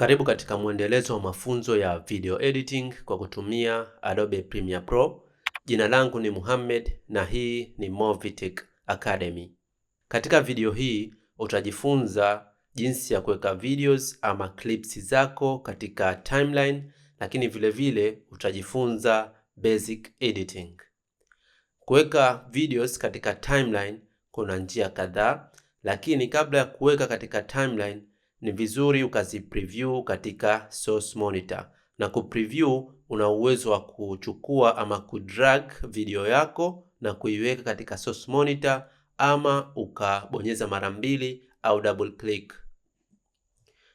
Karibu katika mwendelezo wa mafunzo ya video editing kwa kutumia Adobe Premiere Pro. Jina langu ni Muhammad na hii ni Movitech Academy. Katika video hii utajifunza jinsi ya kuweka videos ama clips zako katika timeline, lakini vile vile utajifunza basic editing. Kuweka videos katika timeline kuna njia kadhaa, lakini kabla ya kuweka katika timeline ni vizuri ukazipreview katika source monitor, na kupreview, una uwezo wa kuchukua ama kudrag video yako na kuiweka katika source monitor, ama ukabonyeza mara mbili au double click.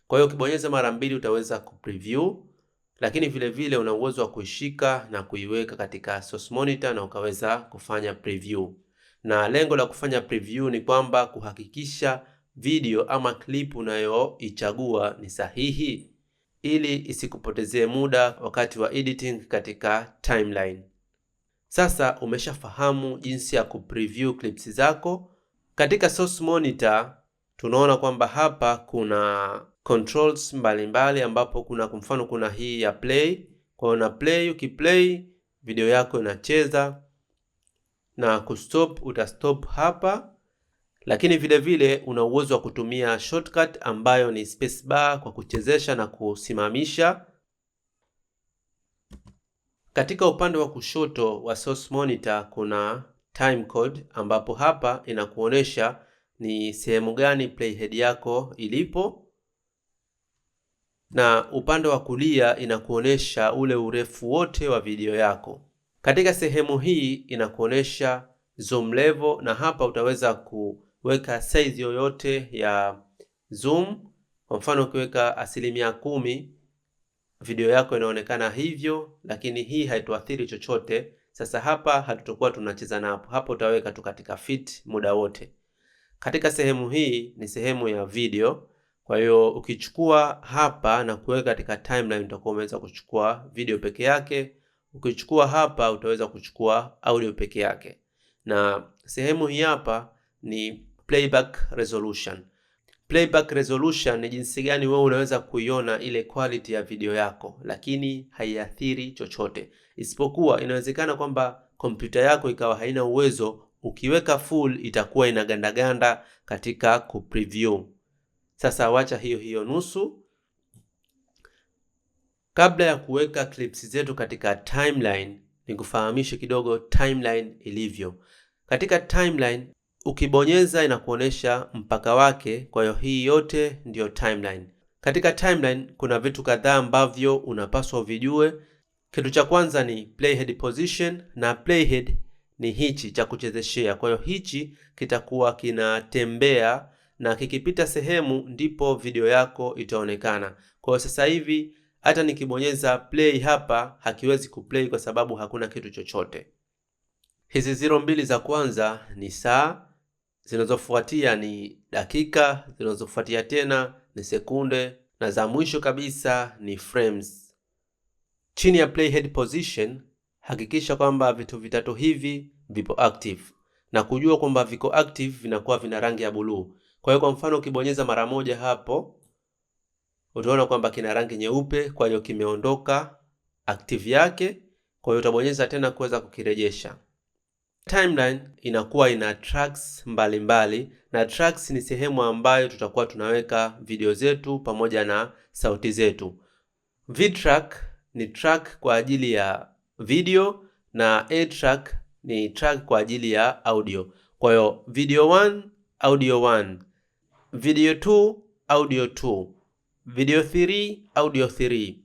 Kwa hiyo ukibonyeza mara mbili utaweza kupreview, lakini vile vile una uwezo wa kuishika na kuiweka katika source monitor na ukaweza kufanya preview. Na lengo la kufanya preview ni kwamba kuhakikisha video ama clip unayoichagua ni sahihi, ili isikupotezee muda wakati wa editing katika timeline. Sasa umeshafahamu jinsi ya kupreview clips zako katika source monitor. Tunaona kwamba hapa kuna controls mbalimbali mbali, ambapo kuna kwa mfano kuna hii ya play. Kwa una na play, ukiplay video yako inacheza na kustop, utastop hapa lakini vile vile una uwezo wa kutumia shortcut ambayo ni spacebar kwa kuchezesha na kusimamisha. Katika upande wa kushoto wa source monitor kuna time code, ambapo hapa inakuonesha ni sehemu gani playhead yako ilipo, na upande wa kulia inakuonesha ule urefu wote wa video yako. Katika sehemu hii inakuonesha zoom level, na hapa utaweza ku weka size yoyote ya zoom. Kwa mfano ukiweka asilimia kumi video yako inaonekana hivyo, lakini hii haituathiri chochote. Sasa hapa hatutokuwa tunacheza na hapo hapo, utaweka tu katika fit muda wote. Katika sehemu hii ni sehemu ya video, kwa hiyo ukichukua hapa na kuweka katika timeline utakuwa umeweza kuchukua video peke yake. Ukichukua hapa utaweza kuchukua audio peke yake, na sehemu hii hapa ni playback resolution. Playback resolution ni jinsi gani wewe unaweza kuiona ile quality ya video yako, lakini haiathiri chochote, isipokuwa inawezekana kwamba kompyuta yako ikawa haina uwezo, ukiweka full itakuwa inagandaganda katika preview. Sasa wacha hiyo hiyo nusu. Kabla ya kuweka clips zetu katika timeline, nikufahamishe kidogo timeline ilivyo. Katika timeline Ukibonyeza inakuonyesha mpaka wake. Kwa hiyo hii yote ndiyo timeline. Katika timeline kuna vitu kadhaa ambavyo unapaswa uvijue. Kitu cha kwanza ni playhead position, na playhead ni hichi cha kuchezeshea. Kwa hiyo hichi kitakuwa kinatembea na kikipita sehemu ndipo video yako itaonekana. Kwa hiyo sasa hivi hata nikibonyeza play hapa hakiwezi kuplay kwa sababu hakuna kitu chochote. Hizi zero mbili za kwanza ni saa zinazofuatia ni dakika, zinazofuatia tena ni sekunde na za mwisho kabisa ni frames. Chini ya playhead position, hakikisha kwamba vitu vitatu hivi vipo active na kujua kwamba viko active vinakuwa vina rangi ya buluu. Kwa hiyo kwa mfano ukibonyeza mara moja hapo utaona kwamba kina rangi nyeupe, kwa hiyo kimeondoka active yake. Kwa hiyo utabonyeza tena kuweza kukirejesha. Timeline inakuwa ina tracks mbalimbali mbali, na tracks ni sehemu ambayo tutakuwa tunaweka video zetu pamoja na sauti zetu. V-track ni track kwa ajili ya video na A-track ni track kwa ajili ya audio. Kwa hiyo video 1 audio 1, video 2 audio 2, video 3 audio 3.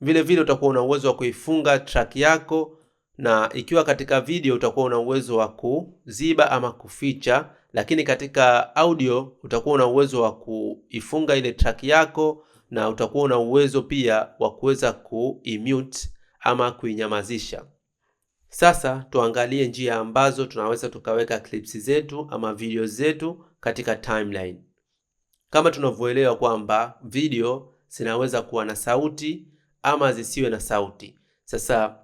Vile vile utakuwa una uwezo wa kuifunga track yako na ikiwa katika video utakuwa una uwezo wa kuziba ama kuficha, lakini katika audio utakuwa una uwezo wa kuifunga ile track yako, na utakuwa una uwezo pia wa kuweza kuimute ama kuinyamazisha. Sasa tuangalie njia ambazo tunaweza tukaweka clips zetu ama video zetu katika timeline. Kama tunavyoelewa kwamba video zinaweza kuwa na sauti ama zisiwe na sauti. Sasa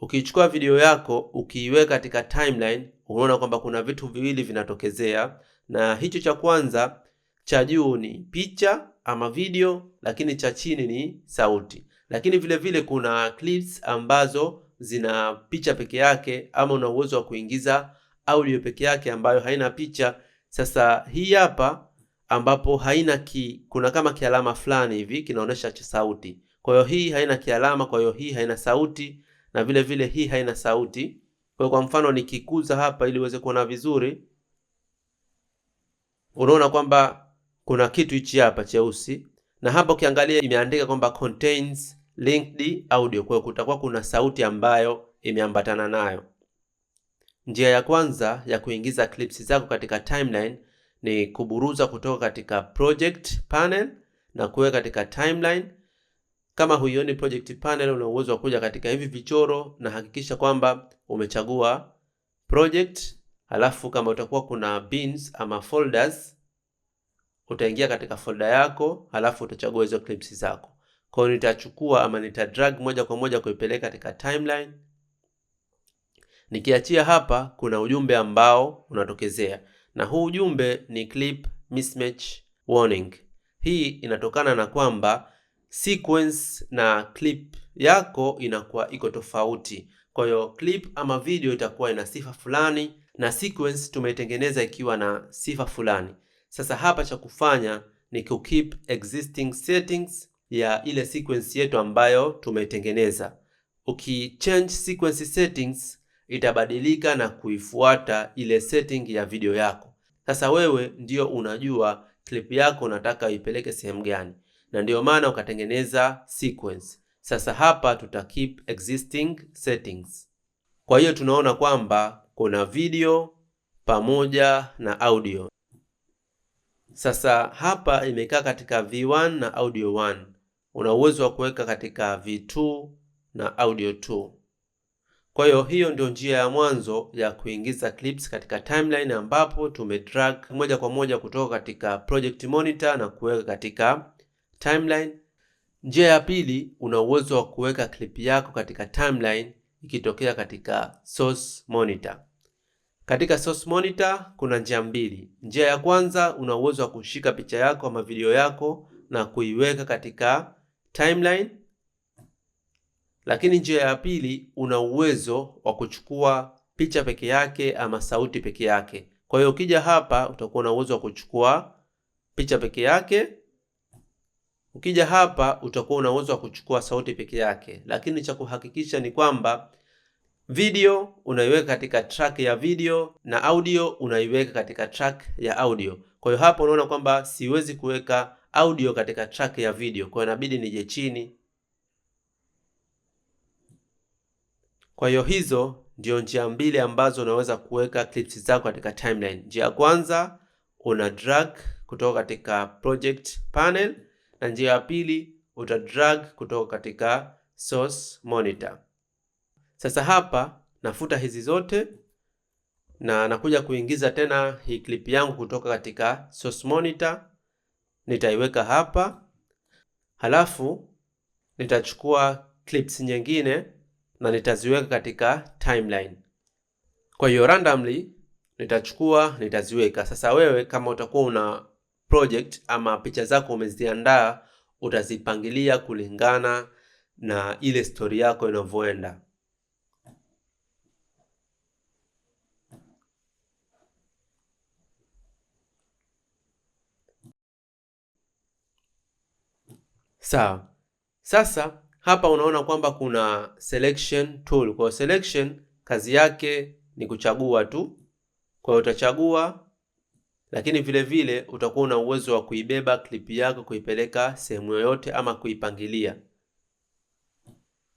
Ukichukua video yako ukiiweka katika timeline, unaona kwamba kuna vitu viwili vinatokezea, na hicho cha kwanza cha juu ni picha ama video, lakini cha chini ni sauti. Lakini vile vile kuna clips ambazo zina picha peke yake, ama una uwezo wa kuingiza audio peke yake ambayo haina picha. Sasa hii hapa ambapo haina ki, kuna kama kialama fulani hivi kinaonyesha cha sauti. Kwa hiyo hii haina kialama, kwa hiyo hii haina sauti na vile vile hii haina sauti. Kwa kwa mfano nikikuza hapa ili uweze kuona vizuri, unaona kwamba kuna kitu hichi hapa cheusi, na hapa ukiangalia imeandika kwamba contains linked audio, kwa kutakuwa kuna sauti ambayo imeambatana nayo. Njia ya kwanza ya kuingiza clips zako katika timeline ni kuburuza kutoka katika project panel na kuweka katika timeline kama huioni project panel, una uwezo wa kuja katika hivi vichoro na hakikisha kwamba umechagua project, alafu kama utakuwa kuna bins ama folders, utaingia katika folder yako, alafu utachagua hizo clips zako. Kwa hiyo nitachukua ama nita drag moja kwa moja kuipeleka katika timeline. Nikiachia hapa, kuna ujumbe ambao unatokezea, na huu ujumbe ni clip mismatch warning. Hii inatokana na kwamba sequence na clip yako inakuwa iko tofauti. Kwa hiyo clip ama video itakuwa ina sifa fulani na sequence tumeitengeneza ikiwa na sifa fulani. Sasa hapa cha kufanya ni ku keep existing settings ya ile sequence yetu ambayo tumeitengeneza. Ukichange sequence settings itabadilika na kuifuata ile setting ya video yako. Sasa wewe ndio unajua clip yako unataka ipeleke sehemu gani na ndiyo maana ukatengeneza sequence. Sasa hapa tuta keep existing settings. Kwa hiyo tunaona kwamba kuna video pamoja na audio. Sasa hapa imekaa katika V1 na audio 1. Una uwezo wa kuweka katika V2 na audio 2. Kwa hiyo hiyo ndio njia ya mwanzo ya kuingiza clips katika timeline ambapo tumedrag moja kwa moja kutoka katika project monitor na kuweka katika timeline. Njia ya pili, una uwezo wa kuweka clip yako katika timeline ikitokea katika source monitor. Katika source monitor kuna njia mbili. Njia ya kwanza, una uwezo wa kushika picha yako ama video yako na kuiweka katika timeline, lakini njia ya pili, una uwezo wa kuchukua picha peke yake ama sauti peke yake. Kwa hiyo ukija hapa, utakuwa na uwezo wa kuchukua picha peke yake Ukija hapa utakuwa una uwezo wa kuchukua sauti peke yake, lakini cha kuhakikisha ni kwamba video unaiweka katika track ya video na audio unaiweka katika track ya audio. Kwa hiyo hapa unaona kwamba siwezi kuweka audio katika track ya video, kwa hiyo inabidi nije chini. Kwa hiyo hizo ndio njia mbili ambazo unaweza kuweka clips zako katika timeline. Njia ya kwanza una drag kutoka katika project panel na njia ya pili utadrag kutoka katika source monitor. Sasa hapa nafuta hizi zote na nakuja kuingiza tena hii clip yangu kutoka katika source monitor, nitaiweka hapa, halafu nitachukua clips nyingine na nitaziweka katika timeline. Kwa hiyo randomly nitachukua nitaziweka. Sasa wewe kama utakuwa una project ama picha zako umeziandaa, utazipangilia kulingana na ile stori yako inavyoenda. Sawa. Sasa hapa unaona kwamba kuna selection tool. Kwa selection kazi yake ni kuchagua tu. Kwa utachagua lakini vile vile utakuwa una uwezo wa kuibeba klipi yako kuipeleka sehemu yoyote ama kuipangilia.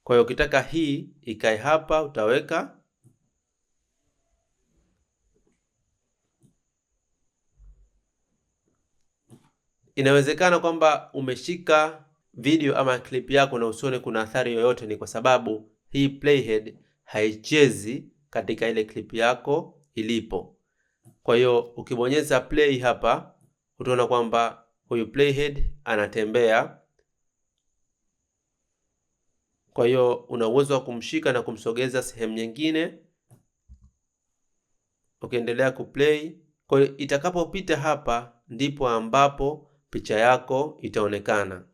Kwa hiyo ukitaka hii ikae hapa, utaweka Inawezekana kwamba umeshika video ama clip yako na usione kuna athari yoyote, ni kwa sababu hii playhead haichezi katika ile clip yako ilipo. Kwa hiyo ukibonyeza play hapa utaona kwamba huyu playhead anatembea. Kwa hiyo una uwezo wa kumshika na kumsogeza sehemu nyingine, ukiendelea kuplay. Kwa hiyo itakapopita hapa ndipo ambapo picha yako itaonekana.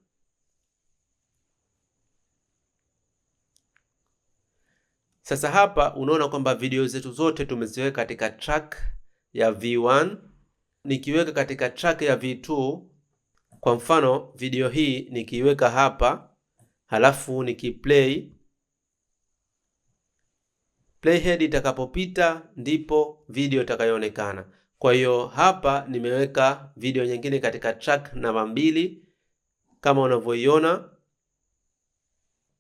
Sasa hapa unaona kwamba video zetu zote tumeziweka katika track ya v1 nikiweka katika track ya v2. Kwa mfano video hii nikiiweka hapa, halafu nikiplay playhead, itakapopita ndipo video itakayoonekana. Kwa hiyo hapa nimeweka video nyingine katika track namba mbili kama unavyoiona.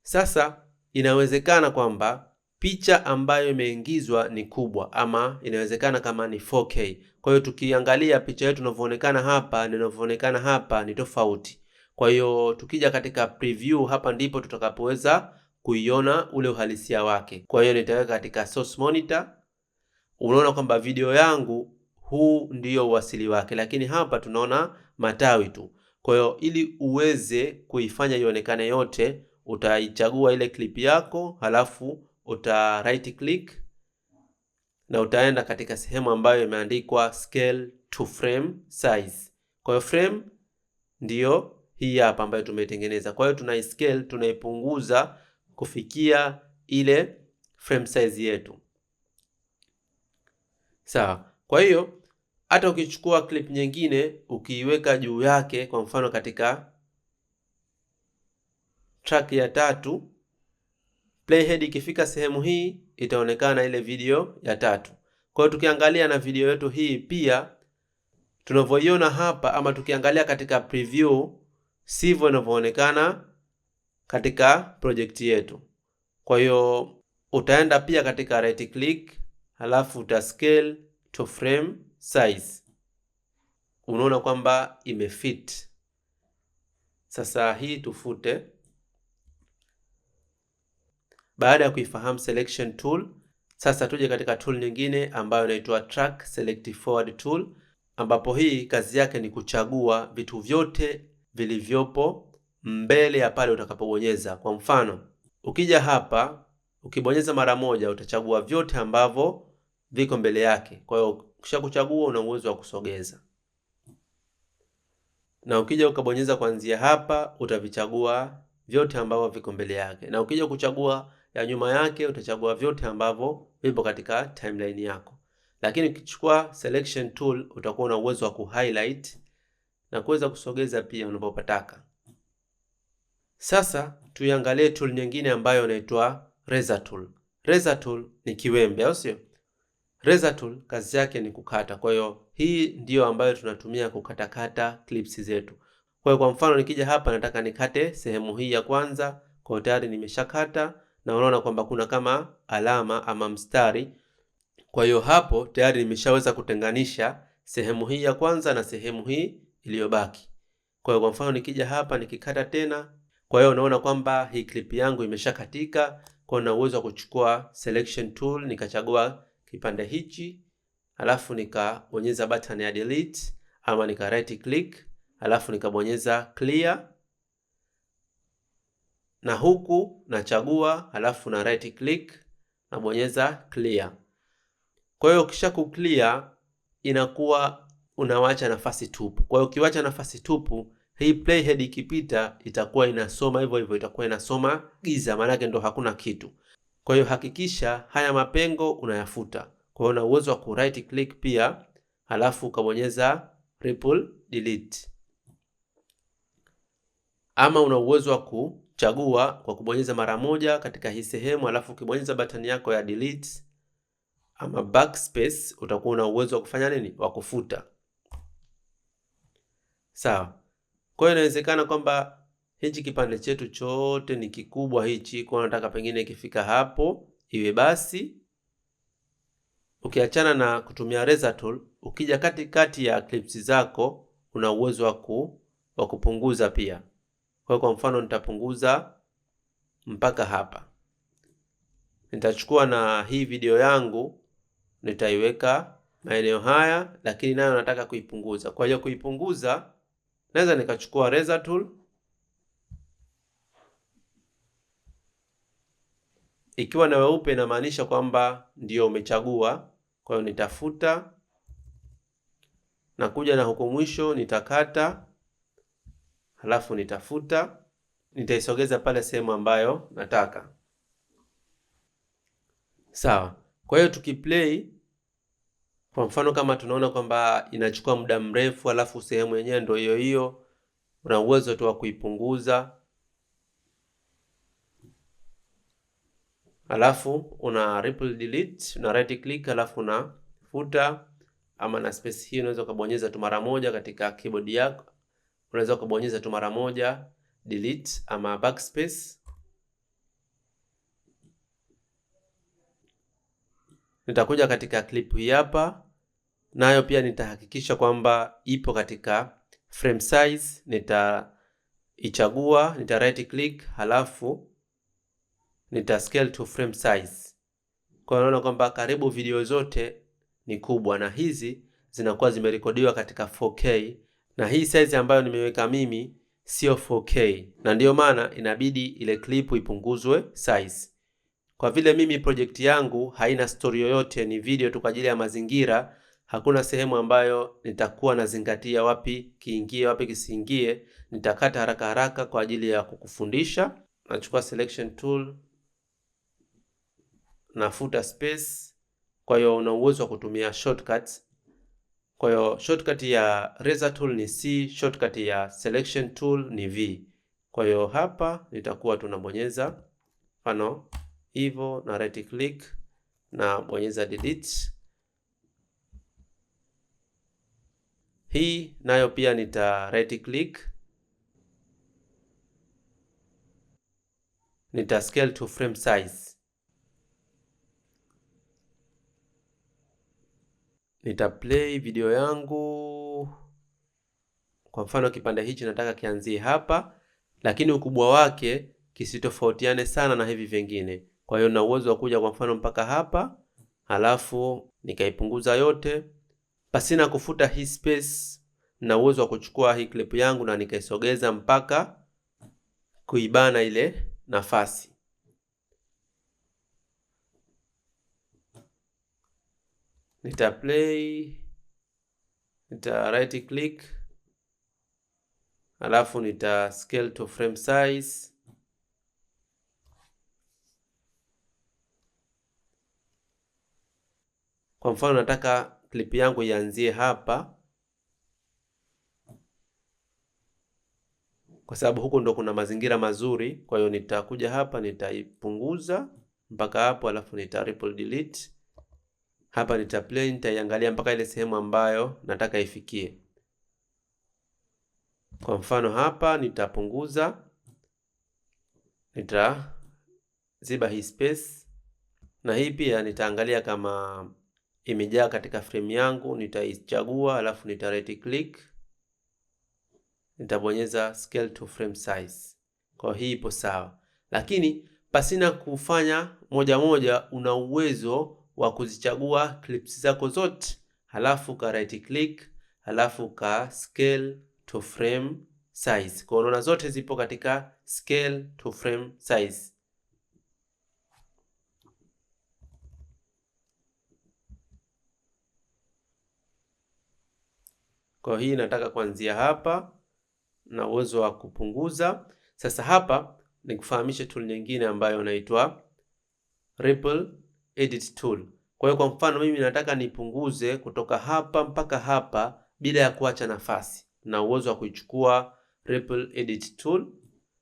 Sasa inawezekana kwamba picha ambayo imeingizwa ni kubwa ama inawezekana kama ni 4K. Kwa hiyo tukiangalia picha yetu inavyoonekana hapa na inavyoonekana hapa ni tofauti. Kwa hiyo tukija katika preview, hapa ndipo tutakapoweza kuiona ule uhalisia wake. Kwa hiyo nitaweka katika source monitor, unaona kwamba video yangu huu ndiyo uwasili wake, lakini hapa tunaona matawi tu. Kwa hiyo ili uweze kuifanya ionekane yote, utaichagua ile clip yako halafu uta right click na utaenda katika sehemu ambayo imeandikwa scale to frame size. Kwa hiyo frame ndiyo hii hapa ambayo tumeitengeneza. Kwa hiyo tuna scale, tunaipunguza kufikia ile frame size yetu, sawa. Kwa hiyo hata ukichukua clip nyingine ukiiweka juu yake, kwa mfano katika track ya tatu Playhead ikifika sehemu hii itaonekana ile video ya tatu. Kwa hiyo tukiangalia na video yetu hii pia tunavyoiona hapa, ama tukiangalia katika preview, sivyo inavyoonekana katika project yetu. Kwa hiyo utaenda pia katika right click, halafu uta scale to frame size. Unaona kwamba imefit. Sasa hii tufute baada ya kuifahamu selection tool, sasa tuje katika tool nyingine ambayo inaitwa track select forward tool, ambapo hii kazi yake ni kuchagua vitu vyote vilivyopo mbele ya pale utakapobonyeza. Kwa mfano, ukija hapa ukibonyeza mara moja utachagua vyote ambavyo viko mbele yake. Kwa hiyo kisha kuchagua una uwezo wa kusogeza, na ukija ukabonyeza kuanzia hapa utavichagua vyote ambavyo viko mbele yake, na ukija kuchagua ya nyuma yake utachagua vyote ambavyo vipo katika timeline yako. Lakini ukichukua selection tool utakuwa na uwezo wa kuhighlight na kuweza kusogeza pia unapopataka. Sasa tuiangalie tool nyingine ambayo inaitwa razor tool. Razor tool ni kiwembe, au sio? Razor tool kazi yake ni kukata. Kwa hiyo hii ndiyo ambayo tunatumia kukatakata clips zetu. Kwa hiyo kwa mfano nikija hapa nataka nikate sehemu hii ya kwanza, kwa tayari nimeshakata na unaona kwamba kuna kama alama ama mstari. Kwa hiyo hapo tayari nimeshaweza kutenganisha sehemu hii ya kwanza na sehemu hii iliyobaki. Kwa hiyo kwa mfano nikija hapa nikikata tena, kwa hiyo unaona kwamba hii clip yangu imeshakatika. Kwa hiyo na uwezo wa kuchukua selection tool, nikachagua kipande hichi, alafu nikabonyeza button ya delete ama nika right click, alafu nikabonyeza clear na huku nachagua, halafu na right click na bonyeza clear. Kwa hiyo ukisha ku clear inakuwa unawacha nafasi tupu. Kwa hiyo ukiwacha nafasi tupu, hii playhead ikipita itakuwa inasoma hivyo hivyo, itakuwa inasoma giza, maanake ndo hakuna kitu. Kwa hiyo hakikisha haya mapengo unayafuta. Kwa hiyo una uwezo wa ku right click pia, halafu ukabonyeza ripple delete, ama una uwezo wa ku chagua kwa kubonyeza mara moja katika hii sehemu, alafu ukibonyeza button yako ya delete ama backspace utakuwa una uwezo wa kufanya nini? Wa kufuta. Sawa. Kwa hiyo inawezekana kwamba hichi kipande chetu chote ni kikubwa hichi, kwa nataka pengine ikifika hapo iwe basi. Ukiachana na kutumia razor tool, ukija katikati ya clips zako una uwezo wa kupunguza pia. Kwa kwa mfano nitapunguza mpaka hapa. Nitachukua na hii video yangu nitaiweka maeneo haya, lakini nayo nataka kuipunguza. Kwa hiyo kuipunguza, naweza nikachukua razor tool ikiwa na weupe inamaanisha kwamba ndio umechagua. Kwa hiyo nitafuta na kuja na huko mwisho nitakata halafu nitafuta, nitaisogeza pale sehemu ambayo nataka. Sawa. Kwa hiyo tukiplay kwa mfano, kama tunaona kwamba inachukua muda mrefu, alafu sehemu yenyewe ndio hiyo hiyo, una uwezo tu wa kuipunguza, alafu una ripple delete, una right click, alafu unafuta, ama na space hii unaweza ukabonyeza tu mara moja katika keyboard yako unaweza kubonyeza tu mara moja delete ama backspace. Nitakuja katika clip hii hapa, nayo pia nitahakikisha kwamba ipo katika frame size. Nitaichagua, nita right click, halafu nita scale to frame size. Kwa hiyo unaona kwamba karibu video zote ni kubwa, na hizi zinakuwa zimerekodiwa katika 4K na hii size ambayo nimeweka mimi sio 4K, na ndiyo maana inabidi ile clip ipunguzwe size. Kwa vile mimi project yangu haina story yoyote, ni video tu kwa ajili ya mazingira. Hakuna sehemu ambayo nitakuwa nazingatia wapi kiingie wapi kisiingie. Nitakata haraka haraka kwa ajili ya kukufundisha. Nachukua selection tool, nafuta space. Kwa hiyo una uwezo wa kutumia shortcuts kwa hiyo shortcut ya razor tool ni C, shortcut ya selection tool ni V. Kwa hiyo hapa nitakuwa tunabonyeza mfano hivyo na right click na bonyeza delete. Hii nayo pia nita right click, nita scale to frame size nitaplay video yangu. Kwa mfano kipande hichi nataka kianzie hapa, lakini ukubwa wake kisitofautiane sana na hivi vingine. Kwa hiyo na uwezo wa kuja kwa mfano mpaka hapa, halafu nikaipunguza yote pasina kufuta hii space, na uwezo wa kuchukua hii clip yangu na nikaisogeza mpaka kuibana ile nafasi. nita play, nita right click, alafu nita scale to frame size Kwa mfano nataka clip yangu ianzie hapa, kwa sababu huku ndo kuna mazingira mazuri. Kwa hiyo nitakuja hapa, nitaipunguza mpaka hapo, alafu nita ripple delete. Hapa nitaplay, nitaiangalia mpaka ile sehemu ambayo nataka ifikie. Kwa mfano hapa nitapunguza, nitaziba hii space, na hii pia nitaangalia kama imejaa katika frame yangu. Nitaichagua alafu nita right click, nitabonyeza scale to frame size. Kwa hii ipo sawa, lakini pasina kufanya moja moja, una uwezo wa kuzichagua clips zako zote, halafu ka right click, halafu ka scale to frame size. Kwa unaona zote zipo katika scale to frame size. Kwa hii nataka kuanzia hapa na uwezo wa kupunguza. Sasa hapa nikufahamishe tool nyingine ambayo inaitwa Ripple edit tool. Kwa hiyo kwa mfano mimi nataka nipunguze kutoka hapa mpaka hapa bila ya kuacha nafasi, na uwezo wa kuichukua ripple edit tool,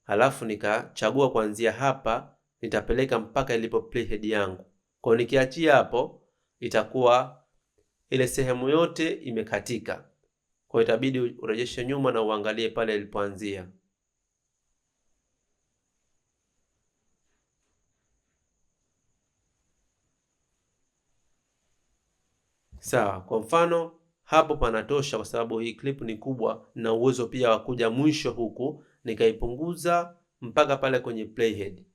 halafu nikachagua kuanzia hapa nitapeleka mpaka ilipo playhead yangu. Kwa hiyo nikiachia hapo itakuwa ile sehemu yote imekatika. Kwa hiyo itabidi urejeshe nyuma na uangalie pale ilipoanzia. sawa. Kwa mfano hapo panatosha, kwa sababu hii clip ni kubwa na uwezo pia wa kuja mwisho huku nikaipunguza mpaka pale kwenye playhead.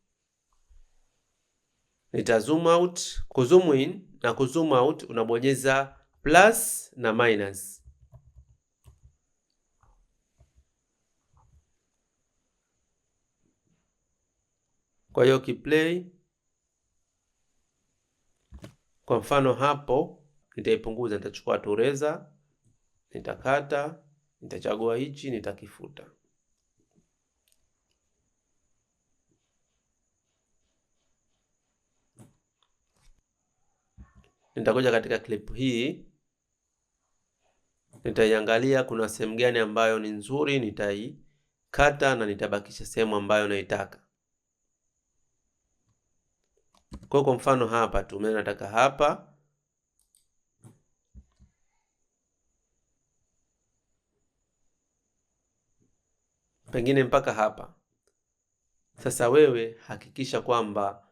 Nita zoom out, ku zoom in na ku zoom out unabonyeza plus na minus. Kwa hiyo kiplay, kwa mfano hapo nitaipunguza, nitachukua tureza, nitakata, nitachagua hichi, nitakifuta. Nitakuja katika clip hii, nitaiangalia kuna sehemu gani ambayo ni nzuri, nitaikata na nitabakisha sehemu ambayo naitaka. Kwa kwa mfano hapa tu mimi nataka hapa pengine mpaka hapa. Sasa wewe hakikisha kwamba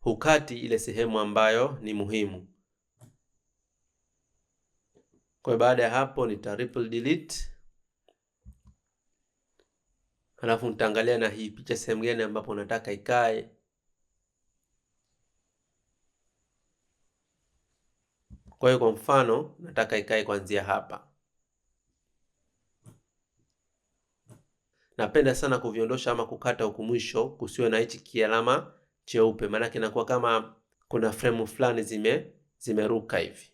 hukati ile sehemu ambayo ni muhimu. Kwa baada ya hapo nita triple delete, alafu nitaangalia na hii picha sehemu gani ambapo nataka ikae. Kwa hiyo kwa mfano nataka ikae kuanzia hapa. napenda sana kuviondosha ama kukata huku mwisho kusiwe na hichi kialama cheupe, maana kinakuwa kama kuna fremu fulani zime zimeruka hivi.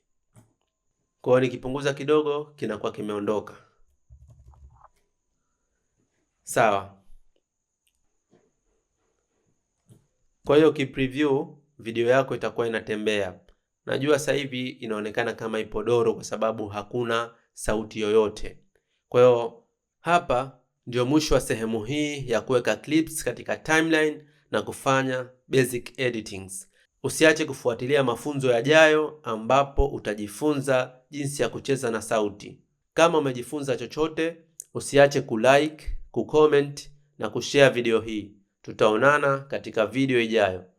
Kwa hiyo nikipunguza kidogo kinakuwa kimeondoka. Sawa. Kwa hiyo kipreview video yako itakuwa inatembea. Najua sasa hivi inaonekana kama ipo doro kwa sababu hakuna sauti yoyote. Kwa hiyo hapa ndio mwisho wa sehemu hii ya kuweka clips katika timeline na kufanya basic editings. Usiache kufuatilia mafunzo yajayo ambapo utajifunza jinsi ya kucheza na sauti. Kama umejifunza chochote, usiache kulike, kucomment na kushare video hii. Tutaonana katika video ijayo.